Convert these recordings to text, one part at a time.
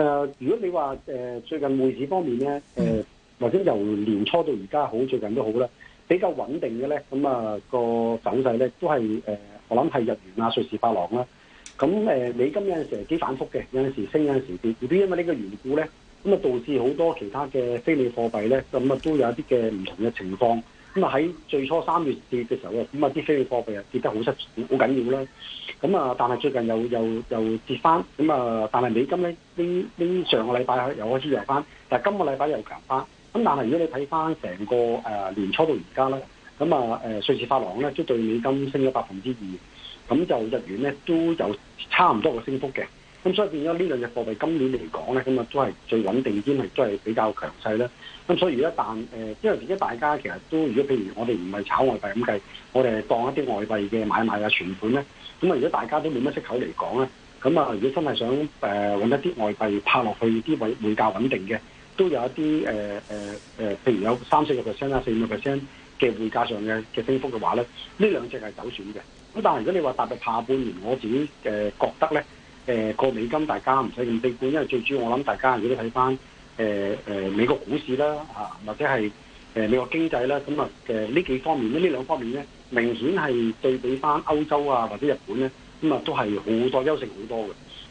誒，如果你話誒最近匯市方面咧，誒、呃、或者由年初到而家好，最近都好啦，比較穩定嘅咧，咁啊、那個走勢咧都係誒、呃，我諗係日元啊、瑞士法郎啦，咁誒美金有陣時係幾反覆嘅，有陣時升有時，有陣時跌，亦都因為呢個緣故咧，咁啊導致好多其他嘅非美貨幣咧，咁啊都有一啲嘅唔同嘅情況。咁啊喺最初三月跌嘅時候咧，咁啊啲非現貨幣啊跌得好失，好緊要啦。咁啊，但係最近又又又跌翻。咁啊，但係美金咧，呢呢上個禮拜又開始弱翻，但係今個禮拜又強翻。咁但係如果你睇翻成個年初到而家咧，咁啊瑞士法郎咧都對美金升咗百分之二，咁就日元咧都有差唔多個升幅嘅。咁、嗯、所以變咗呢兩隻貨幣今年嚟講咧，咁啊都係最穩定先，係都係比較強勢啦。咁、嗯、所以而家，但、呃、誒，因為而家大家其實都如果譬如我哋唔係炒外幣咁計，我哋當一啲外幣嘅買賣啊、存款咧，咁啊如果大家都冇乜息口嚟講咧，咁、嗯、啊如果真係想誒揾、呃、一啲外幣拍落去啲幣匯價穩定嘅，都有一啲誒誒誒，譬如有三四個 percent 啊、四五個 percent 嘅匯價上嘅嘅升幅嘅話咧，呢兩隻係首選嘅。咁但係如果你話特別下半年，我自己嘅、呃、覺得咧。誒、呃、個美金大家唔使咁悲觀，因為最主要我諗大家如果睇翻誒誒美國股市啦啊，或者係誒、呃、美國經濟啦，咁啊嘅呢、呃、幾方面，方面呢，呢兩方面咧，明顯係對比翻歐洲啊或者日本咧，咁、嗯、啊都係好多優勝好多嘅。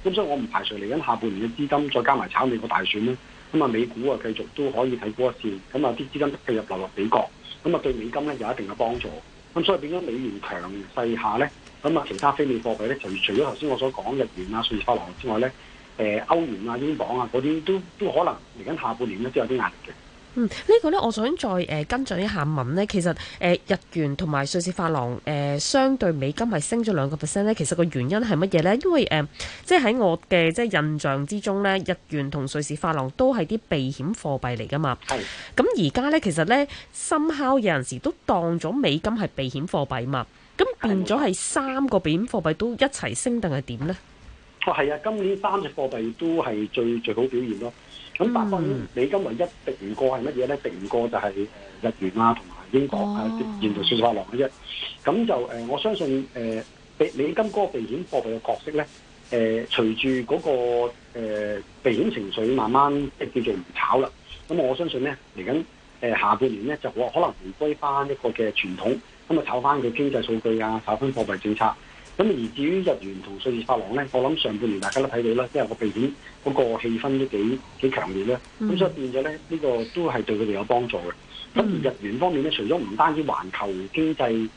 咁所以我唔排除嚟緊下，下半年嘅資金再加埋炒美國大選咧，咁、嗯、啊美股啊繼續都可以睇高一線，咁啊啲資金都繼續流入美國，咁、嗯、啊對美金咧有一定嘅幫助。咁所以變咗美元強勢下咧。咁啊，其他非美元貨幣咧，除除咗頭先我所講日元啊、瑞士法郎之外咧，誒歐元啊、英鎊啊嗰啲都都可能嚟緊下半年咧都有啲壓力嘅。嗯，這個、呢個咧，我想再誒、呃、跟進一下問咧，其實誒、呃、日元同埋瑞士法郎誒、呃、相對美金係升咗兩個 percent 咧，其實個原因係乜嘢咧？因為誒、呃，即係喺我嘅即係印象之中咧，日元同瑞士法郎都係啲避險貨幣嚟㗎嘛。係是。咁而家咧，其實咧，somehow 有陣時都當咗美金係避險貨幣嘛。咁變咗係三個避險貨幣都一齊升定係點咧？呢哦，係啊，今年三隻貨幣都係最最好表現咯。咁百分美金唯一跌唔過係乜嘢咧？跌唔過就係誒日元啦、啊，同埋英國、哦、啊，啲瑞士法郎嗰一。咁就誒、呃，我相信誒美美金嗰個避險貨幣嘅角色咧，誒、呃、隨住嗰、那個誒、呃、避險情緒慢慢即叫做唔炒啦。咁我相信咧嚟緊誒下半年咧就可能回歸翻一個嘅傳統。咁啊，炒翻佢經濟數據啊，炒翻貨幣政策。咁而至於日元同瑞士法郎咧，我諗上半年大家都睇到啦，因為個避險嗰個氣氛都幾幾強烈咧。咁、嗯、所以變咗咧，呢、這個都係對佢哋有幫助嘅。咁、嗯、日元方面咧，除咗唔單止環球經濟誒嗰、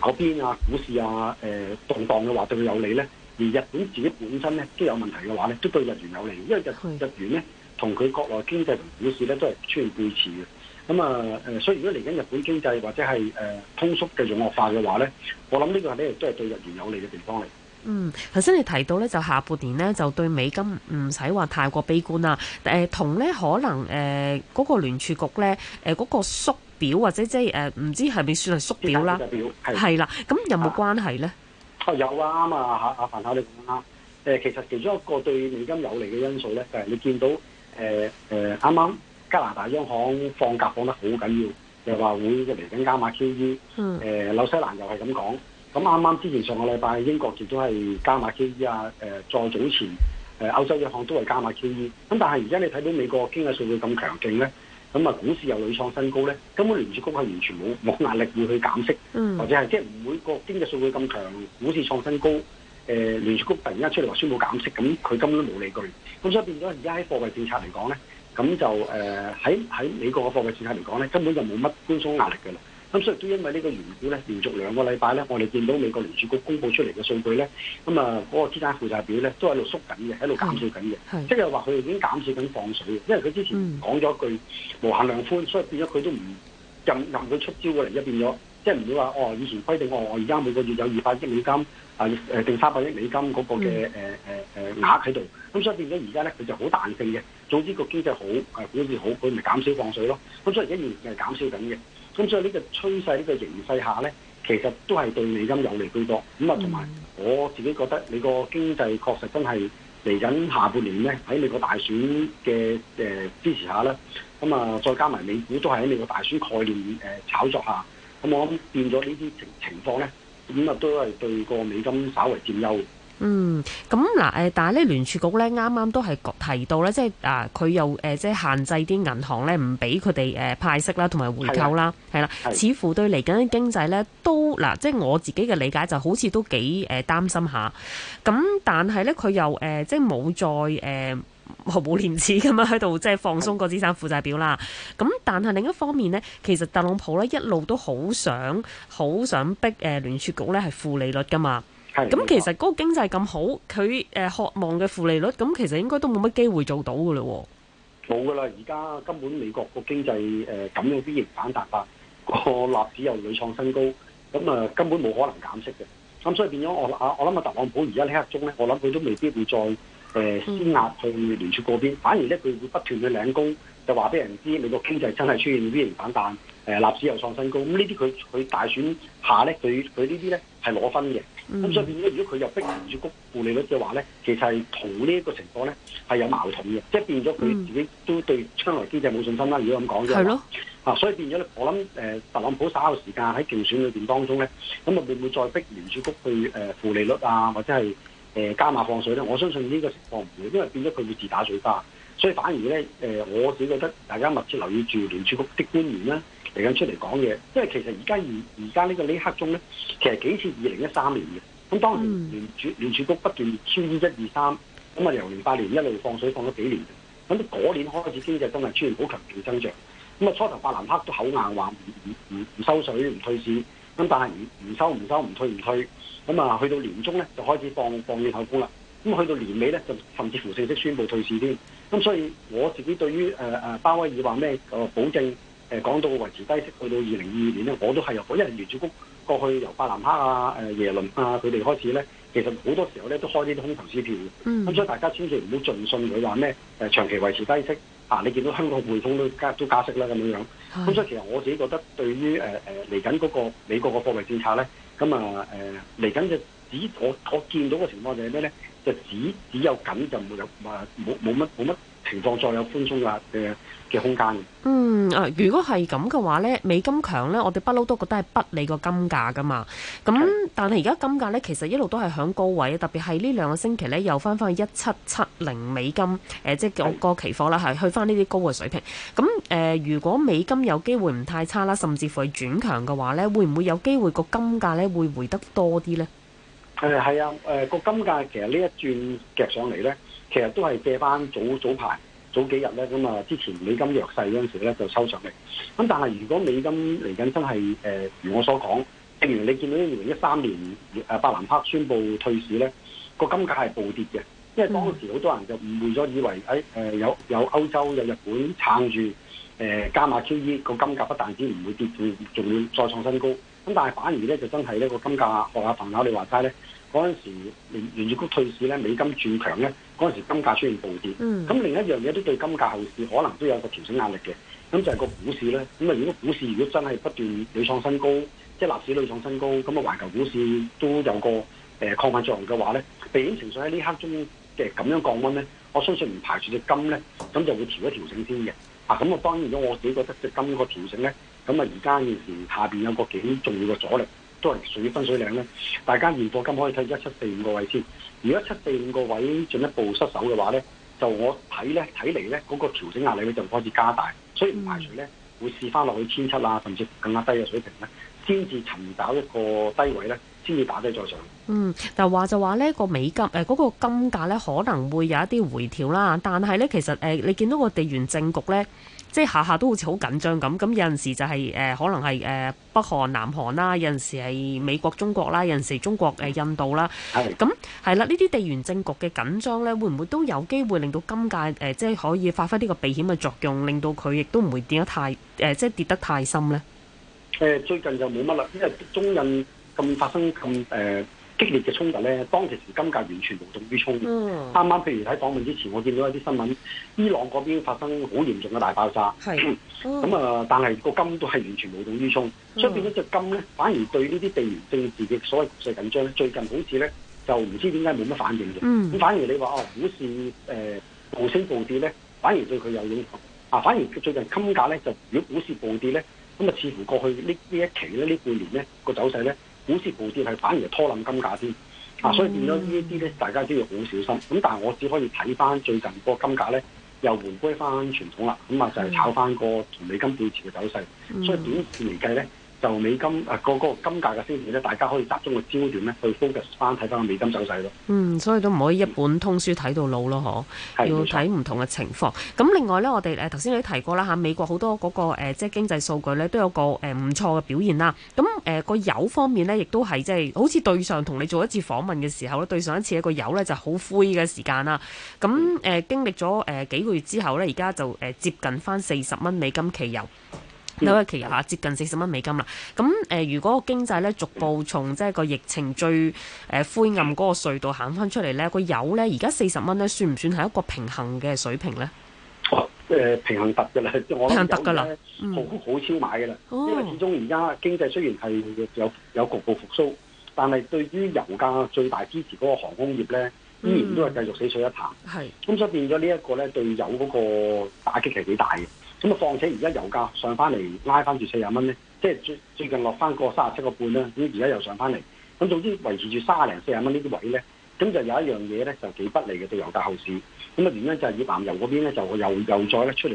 呃、邊啊、股市啊誒、呃、動盪嘅話對佢有利咧，而日本自己本身咧都有問題嘅話咧，都對日元有利，因為日的日元咧同佢國內經濟同股市咧都係出現背馳嘅。咁啊，誒，所以如果嚟緊日本經濟或者係誒通縮嘅弱化嘅話咧，我諗呢個咧亦都係對日元有利嘅地方嚟。嗯，頭先你提到咧，就下半年咧就對美金唔使話太過悲觀啦。誒、呃，同咧可能誒嗰、呃嗰個聯儲局咧誒嗰個縮表或者即係誒唔知係咪算係縮表啦。係啦，咁有冇關係咧？啊、哦，有啊，啱啊，嚇、啊、阿凡，嚇你講啦。誒、呃，其實其中一個對美金有利嘅因素咧，就係、係、你見到誒誒啱啱。呃呃啱啱加拿大央行放夾放得好緊要，又話會嚟緊加碼 QE。誒紐西蘭又係咁講。咁啱啱之前上個禮拜英國亦都係加碼 QE 啊。誒再早前誒、呃、歐洲央行都係加碼 QE。咁但係而家你睇到美國經濟數據咁強勁咧，咁啊股市又屢創新高咧，根本聯儲局係完全冇冇壓力要去減息，或者係即係每個經濟數據咁強，股市創新高，誒、呃、聯儲局突然間出嚟話宣布減息，咁佢根本都冇理據。咁所以變咗而家喺貨幣政策嚟講咧。咁、嗯、就誒喺喺美國嘅貨幣政策嚟講咧，根本就冇乜寬鬆壓力嘅啦。咁、嗯、所以都因為呢個原故咧，連續兩個禮拜咧，我哋見到美國聯儲局公布出嚟嘅數據咧，咁啊嗰個資產負債表咧都喺度縮緊嘅，喺度減少緊嘅。即係話佢已經減少緊放水嘅，因為佢之前講咗句、嗯、無限量寬，所以變咗佢都唔任任佢出招嘅，嚟而家變咗即係唔會話哦以前規定我我而家每個月有二百億美金啊誒，定三百億美金嗰個嘅誒誒誒額喺度，咁、嗯、所以變咗而家咧佢就好彈性嘅。總之個經濟好，誒股市好，佢咪減少放水咯。咁所以一年誒減少緊嘅，咁所以呢個趨勢、呢個形勢下咧，其實都係對美金有利居多。咁啊，同埋我自己覺得，你個經濟確實真係嚟緊下半年咧，喺美國大選嘅誒支持下啦。咁啊，再加埋美股都係喺美國大選概念誒炒作下，咁我諗變咗呢啲情情況咧，咁啊都係對個美金稍為佔優。嗯，咁嗱，但係咧聯儲局咧啱啱都係提到咧，即係啊，佢又即係限制啲銀行咧，唔俾佢哋派息啦，同埋回購啦，係啦的，的似乎對嚟緊啲經濟咧都嗱，的即係我自己嘅理解，就好似都幾誒擔心下。咁但係咧，佢又即係冇再誒毫無廉恥咁樣喺度即係放鬆個資產負債表啦。咁的但係另一方面呢，其實特朗普咧一路都好想好想逼誒聯儲局咧係負利率㗎嘛。咁其實嗰個經濟咁好，佢誒、呃、渴望嘅負利率咁，其實應該都冇乜機會做到噶咯。冇噶啦，而家根本美國個經濟誒咁樣 V 型反彈啦。個納子又屢創新高，咁、嗯、啊、呃、根本冇可能減息嘅。咁、嗯、所以變咗我啊，我諗阿特朗普而家呢刻中咧，我諗佢都未必會再誒施、呃、壓去聯儲嗰邊，反而咧佢會不斷去領功，就話俾人知美國經濟真係出現 V 型反彈。誒納子又創新高，咁呢啲佢佢大選下咧，佢佢呢啲咧係攞分嘅。咁、嗯、所以變咗，如果佢又逼聯儲局負利率嘅話咧，其實係同呢一個情況咧係有矛盾嘅，即係變咗佢自己都對將來經濟冇信心啦。如果咁講啫嘛，啊的，所以變咗咧，我諗誒特朗普耍個時間喺競選裏邊當中咧，咁啊會唔會再逼聯儲局去誒負利率啊，或者係誒加碼放水咧？我相信呢個情況唔會，因為變咗佢會自打嘴巴。所以反而咧，誒、呃，我自己覺得大家密切留意住聯儲局的官員啦嚟緊出嚟講嘢，因為其實而家而而家呢個呢刻鐘咧，其實幾似二零一三年嘅咁。當年聯儲聯儲局不斷超於一二三咁啊，由零八年一路放水放咗幾年，咁到嗰年開始先至真係出現好強勁增長。咁啊，初頭伯南克都口硬話唔唔唔唔收水唔退市，咁但係唔唔收唔收唔退唔退咁啊，去到年中咧就開始放放軟口風啦。咁去到年尾咧就甚至乎正式宣布退市添。咁所以我自己對於誒誒、呃、鮑威爾話咩個保證誒講、呃、到維持低息去到二零二二年咧，我都係由我因為聯儲局過去由巴南克啊、誒、啊、耶倫啊佢哋開始咧，其實好多時候咧都開呢啲空頭支票嘅。咁、嗯、所以大家千祈唔好盡信佢話咩誒長期維持低息啊！你見到香港匯豐都加都加息啦咁樣樣。咁是的 所以其實我自己覺得對於誒誒嚟緊嗰個美國個貨幣政策咧，咁啊誒嚟緊就只我我見到嘅情況就係咩咧？就只只有咁就冇有話冇冇乜冇乜情況再有寬鬆嘅嘅、呃、空間。嗯啊，如果係咁嘅話咧，美金強咧，我哋不嬲都覺得係不理個金價噶嘛。咁是但係而家金價咧，其實一路都係響高位，特別係呢兩個星期咧，又翻翻去一七七零美金，誒、呃，即係個期貨啦，係是去翻呢啲高嘅水平。咁誒、呃，如果美金有機會唔太差啦，甚至乎係轉強嘅話咧，會唔會有機會個金價咧會回得多啲咧？誒係啊，誒個金價其實一呢一轉夾上嚟咧，其實都係借翻早早排早幾日咧咁啊，之前美金弱勢嗰陣時咧就收上嚟。咁但係如果美金嚟緊真係誒、呃、如我所講，譬如你見到二零一三年誒伯、啊、南克宣布退市咧，個金價係暴跌嘅，因為當時好多人就誤會咗，以為誒誒、哎、有有歐洲有日本撐住誒、呃、加碼 QE，個金價不但止唔會跌，仲要再創新高。咁但係反而咧，就真係呢個金價，我阿朋友你話齋咧，嗰陣時聯儲局退市咧，美金轉強咧，嗰陣時金價出現暴跌。嗯。咁另一樣嘢都對金價後市可能都有個調整壓力嘅。咁就係個股市咧。咁啊，如果股市如果真係不斷屢創新高，即係納市屢創新高，咁啊，環球股市都有個誒擴散作用嘅話咧，避險情緒喺呢刻中嘅咁樣降溫咧，我相信唔排除隻金咧，咁就會調一調整先嘅。啊，咁啊，當然如果我自己覺得隻金個調整咧。咁啊，而家現時下邊有個幾重要嘅阻力，都係屬於分水嶺咧。大家現貨金可以睇一七四五個位先。如果一七四五個位進一步失守嘅話咧，就我睇咧，睇嚟咧，嗰個調整壓力咧就開始加大，所以唔排除咧會試翻落去千七啊，甚至更加低嘅水平咧，先至尋找一個低位咧，先至打低再上。嗯，但話就話呢、個美金誒嗰、個金價咧可能會有一啲回調啦，但係咧其實誒、呃、你見到個地緣政局咧。即係下下都好似好緊張咁，咁有陣時就係、是、誒、呃，可能係誒、呃、北韓、南韓啦，有陣時係美國、中國啦，有陣時是中國誒、呃、印度啦，咁係啦，呢啲地緣政局嘅緊張呢，會唔會都有機會令到金價誒、呃，即係可以發揮呢個避險嘅作用，令到佢亦都唔會跌得太誒、呃，即係跌得太深呢？誒，最近就冇乜啦，因為中印咁發生咁誒。激烈嘅衝突咧，當其時金價完全無動於衷。啱啱、嗯，剛剛譬如喺訪問之前，我見到一啲新聞，伊朗嗰邊發生好嚴重嘅大爆炸。咁啊、嗯，但係個金都係完全無動於衷。出邊一隻金咧，反而對呢啲地緣政治嘅所謂局勢緊張咧，最近好似咧就唔知點解冇乜反應嘅。咁、嗯、反而你話哦，股市誒、呃、暴升暴跌咧，反而對佢有影響。啊，反而最近金價咧，就如果股市暴跌咧，咁啊，似乎過去呢呢一期咧，呢半年咧、個走勢咧。股市暴跌係反而拖冧金價先，啊，oh. 所以變咗呢一啲咧，大家都要好小心。咁但係我只可以睇翻最近個金價咧，又迴歸翻傳統啦，咁啊、mm hmm. 就係炒翻個同美金對峙嘅走勢，所以短期嚟計咧。就美金啊，個個金價嘅方面咧，大家可以集中個焦點咧，去 focus 翻睇翻個美金走勢咯。嗯，所以都唔可以一本通書睇到老咯，嗬、嗯？要睇唔同嘅情況。咁另外咧，我哋誒頭先你提過啦嚇，美國好多嗰個誒即係經濟數據咧都有個誒唔錯嘅表現啦。咁誒個油方面咧，亦都係即係好似對上同你做一次訪問嘅時候咧，對上一次一個油咧就好灰嘅時間啦。咁誒經歷咗誒幾個月之後咧，而家就誒接近翻四十蚊美金期油。李威、嗯嗯、接近四十蚊美金啦。咁如果個經濟咧逐步從即係個疫情最灰暗嗰個隧道行翻出嚟咧，個油咧而家四十蚊咧，元算唔算係一個平衡嘅水平咧？哦，誒平衡得嘅啦，即係我覺得咧好好超買嘅啦。嗯、因為始終而家經濟雖然係有有局部復甦，但係對於油價最大支持嗰個航空業咧。依然都係繼續死水一潭，咁、嗯、所以變咗呢一個咧對油嗰個打擊係幾大嘅。咁啊，況且而家油價上翻嚟拉翻住四十蚊咧，即係最最近落翻過三十七個半啦。咁而家又上翻嚟，咁總之維持住三十零四十蚊呢啲位咧，咁就有一樣嘢咧就幾不利嘅對油價後市。咁啊原因就係、是、頁岩油嗰邊咧就又又再咧出嚟誒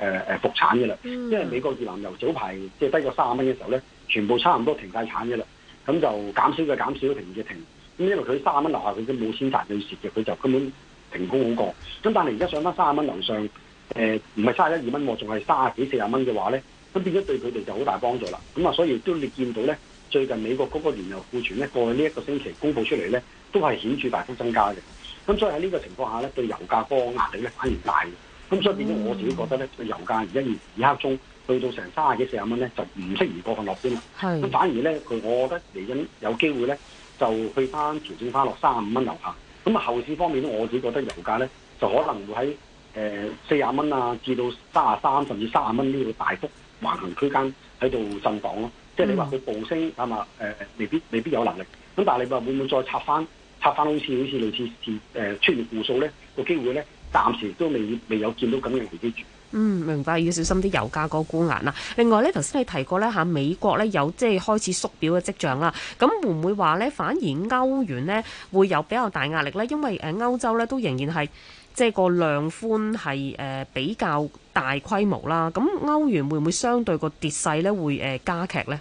誒復產嘅啦，嗯、因為美國頁岩油早排即係低過三十蚊嘅時候咧，全部差唔多停曬產嘅啦，咁就減少嘅減少，停嘅停。咁因為佢卅蚊樓下，佢都冇錢賺，倒蝕嘅，佢就根本停工好過。咁但係而家上翻卅蚊樓上，誒唔係卅一、二蚊，仲係卅幾、四十蚊嘅話咧，咁變咗對佢哋就好大幫助啦。咁啊，所以都你見到咧，最近美國嗰個原油庫存咧，過去呢一個星期公佈出嚟咧，都係顯著大幅增加嘅。咁所以喺呢個情況下咧，對油價波動壓力咧反而大嘅。咁所以變咗我自己覺得咧，個油價而家二二刻鐘去到成卅幾、四十蚊咧，就唔適宜過分落先啦。係咁，反而咧，佢我覺得嚟緊有機會咧。就去翻調整翻落三十五蚊樓下。咁啊後市方面咧，我自己覺得油價咧就可能會喺誒四廿蚊啊至到三十三甚至三十蚊呢個大幅橫行區間喺度震盪咯，即係你話佢暴升啊嘛、呃、未必未必有能力，咁但係你話會唔會再插翻插翻好似好似類似是誒、呃、出現負數咧個機會咧，暫時都未未有見到咁嘅條件嗯，明白，要小心啲油價嗰個觀啦。另外咧，頭先你提過咧嚇，美國咧有即係開始縮表嘅跡象啦。咁會唔會話咧，反而歐元咧會有比較大壓力咧？因為誒歐洲咧都仍然係即係個量寬係誒比較大規模啦。咁歐元會唔會相對個跌勢咧會誒加劇咧？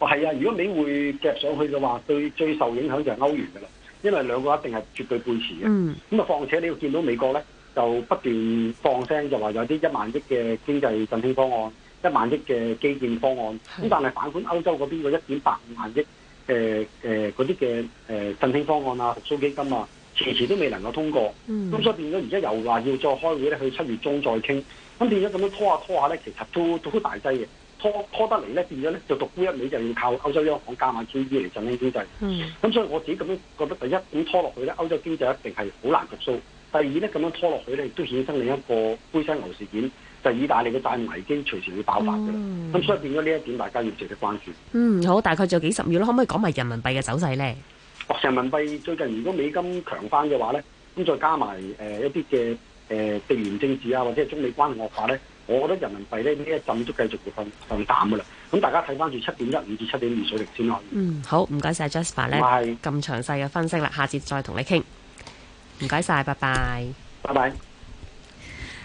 哦，係啊，如果美匯夾上去嘅話，對最受影響就係歐元嘅啦。因為兩個一定係絕對背馳嘅。嗯。咁啊，況且你要見到美國咧。就不斷放聲，就話有啲一萬億嘅經濟振興方案、一萬億嘅基建方案，之是的 但係反觀歐洲嗰邊個一點八五萬億嘅嘅嗰啲嘅誒振興方案啊、復甦基金啊，遲遲都未能夠通過。咁、嗯、所以變咗而家又話要再開會咧，去七月中再傾。咁變咗咁樣拖下拖下咧，其實都都好大劑嘅。拖拖得嚟咧，變咗咧就獨沽一味，就要靠歐洲央行加碼 QE 嚟振興經濟。咁、嗯、所以我自己咁樣覺得，第一，如果拖落去咧，歐洲經濟一定係好難復甦。第二咧咁樣拖落去咧，亦都衍生另一個灰犀牛事件，就係、是、意大利嘅債務危機隨時會爆發㗎喇。咁、嗯、所以變咗呢一點，大家要特別關注。嗯，好，大概仲有幾十秒啦，可唔可以講埋人民幣嘅走勢咧？哦，人民幣最近如果美金強翻嘅話咧，咁、嗯、再加埋誒、呃、一啲嘅誒地緣政治啊，或者係中美關係惡化咧，我覺得人民幣咧呢一陣都繼續會向向淡嘅啦。咁大家睇翻住七點一五至七點二水平先啦。嗯，好，唔該晒 Jasper 咧咁詳細嘅分析啦，下節再同你傾。唔該晒，拜拜，拜拜。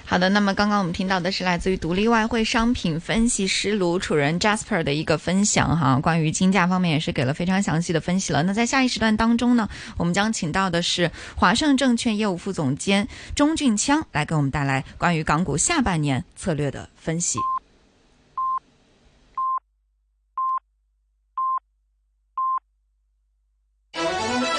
好的，那麼剛剛我們聽到的是來自於獨立外匯商品分析師盧楚仁 Jasper 的一個分享哈，關於金價方面也是給了非常詳細的分析了。那在下一時段當中呢，我們將請到的是華盛證券業務副總監鍾俊鏘來給我們帶來關於港股下半年策略的分析。